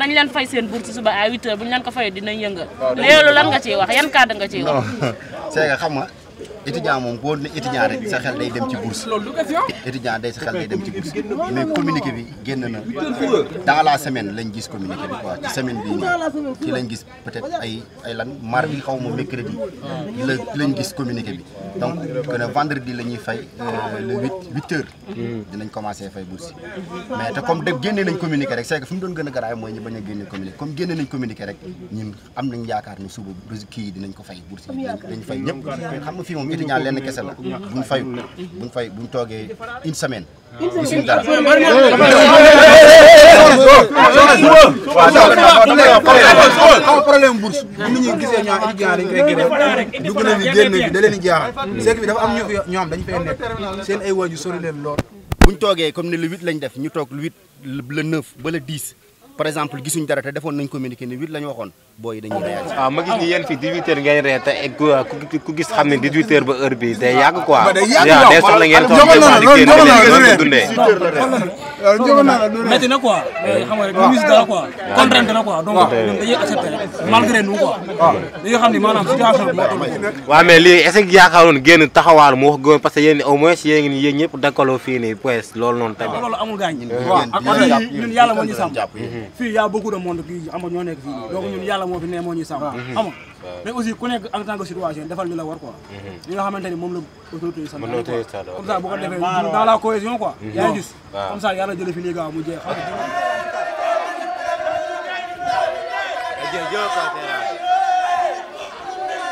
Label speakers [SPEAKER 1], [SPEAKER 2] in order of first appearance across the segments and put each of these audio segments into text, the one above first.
[SPEAKER 1] nañ leen fay seen bourse suba à 8h bu ñu leen ko fayee dinañ yënga loolu lan nga ciy wax yan nga ciy wax. c'est nga. étudiant moom boo sa xel day dem ci bourse étudiant day sa xel day dem ci bourse mais communiqué bi génn na dans la semaine lañ gis communiqué bi quoi ci semaine bii nii ci lañ gis peut-être ay ay lan mardi xaw ma mercredi la lañ gis communiqué bi donc que vendredi la fay euh, le huit huit heures dinañ commencé fay bourse mais te comme de génne nañ communiqué rek comme génne nañ communiqué rek ñun am nañ yaakaar ni suba kii dinañ ko fay bourse yi dañ fay ñëpp xam fii moom étudiant lenn kese la buñ fayu buñ fay buñ toogee une semaine gisuñ dara problème bourse bu nit ñi gisee ñoo étudiant dañ koy génne dugg nañu génn bi da leen di jaaxal seek bi dafa am ñoo xam dañ fay nekk seen ay waaju sori leen lool buñ toogee comme ne le huit lañ def ñu toog le huit le neuf ba le dix par exemple gisuñ dara te defoon nañ communiqué ne huit lañ waxoon booy ah, ma gis ni yéen fii 18h ngay ree te ku gis xam ne 18h ba heure bi day yàgg quoi. ba day yàgg day soxla ngeen toog ko na
[SPEAKER 2] quoi xam nga rek ministre dara quoi contrainte na
[SPEAKER 1] quoi donc génn taxawaal mu wax góor parce que yéen au moins yéen ngi yéen ñëpp dakkaloo fii nii pues loolu noonu tamit loolu amul ñun yàlla moo fi ne moo ñuy sàmm mm-hmm. xam nga mais aussi ku nekk en tant que situation defal li la war quoi mm-hmm. li nga xamante ni moom la autorité yi sant comme ça bu ko defee dans la cohésion mm-hmm. gaaw mu jeex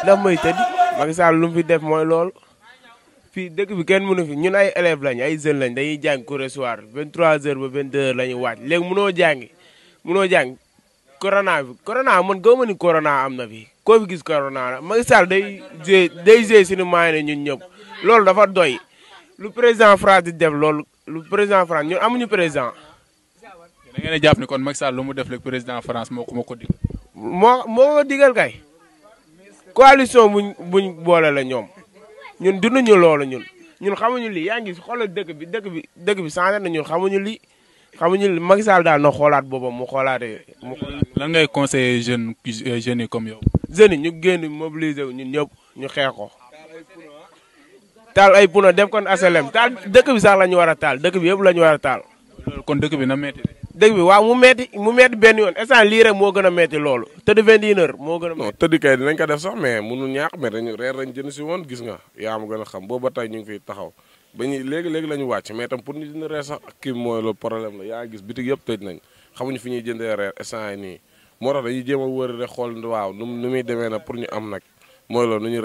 [SPEAKER 2] daf may tëdd Macky Sall lu mu fi def mooy loolu fii bi kenn mënu fi ñun ay élèves lañ ay jeunes lañ dañuy jàng cours soir 23 heures ba 22 heures la ñuy wàcc léegi mënoo jàngi mënoo jàng corona bi corona man gëw ma ni am na fi koo fi gis corona la Macky Sall day g day g suñu maay ñun ñëpp loolu dafa doy lu président France di def loolu lu président France ñun amuñu président. da ngeen a jàpp ni kon Macky lu mu def le président France moo ko moo ko moo moo digal kay. coalition buñ buñ boole la ñoom ñun dunduñu loolu ñun ñun xamuñu li yaa ngi xoolal dëkk bi dëkk bi dëkk bi changé na ñun xamuñu lii. xamuñu Macky Sall daal na xoolaat boppam mu xoolaatee. mu lan ngay conseiller jeunes euh, jeunes yi comme yow. jeunes yi ñu génn mobiliser wu ñun ñëpp ñu xeex ko. taal ay puna def kon asalem taal dëkk bi sax la ñu war a taal dëkk bi yëpp la ñu war a taal. loolu kon dëkk bi na metti dëkk bi waaw mu metti mu metti benn yoon instant lii moo gën a metti loolu tëdd vingt une heure
[SPEAKER 3] moo gën a. non tëdd kay dinañ ko def sax mais mënu ñaax mais dañu reer dañ si woon gis nga yaa ma gën a xam booba tey ñu ngi fiy taxaw ba ñuy léegi léegi la ñu wàcc mais tam pour ñu dina reer sax ak kii mooy le problème la yaa ngi gis bitig yëpp tëj nañ xamuñu fi ñuy jëndee reer instant nii moo tax dañuy jéem a xool waaw nu nu muy demee na pour ñu am nag mooy loolu nu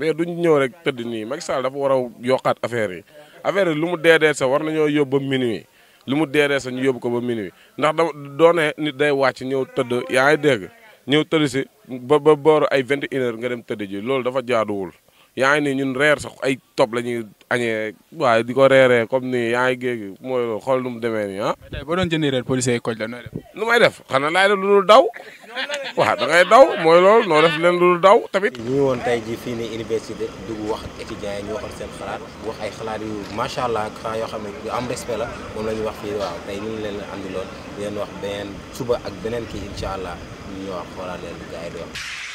[SPEAKER 3] mais duñ ñëw rek tëdd nii Macky Sall dafa war a yokkaat affaire yi affaire lu mu deedee sax war nañoo yóbbu ba minuit lu mu deedee sax ñu yóbbu ko ba minuit ndax da doonee nit day wàcc ñëw tëdd yaa ngi dégg ñëw tëdd si ba ba booru ay vingt et une nga dem tëdd ji loolu dafa jaaduwul yaa ngi ni ñun reer sax ay topp la ñuy añee waaye di ko reeree comme ni yaa ngi géegi mooy loolu xool nu mu demee nii ah. tey
[SPEAKER 2] boo doon jëndi reer policier yi koj la nu
[SPEAKER 3] may def xanaa laay def lu dul daw waaw da ngay daw mooy lool noo def leen lu daw tamit. ñu ngi tey jii fii nii université dugg wax ak étudiants yi ñu waxal seen xalaat wax ay xalaat yu macha allah xanaa yoo xam ne yu am respect la moom la ñu wax fii waaw tey ñu leen leen andiloon di leen wax beneen suba ak beneen kii incha allah ñu wax xoolaat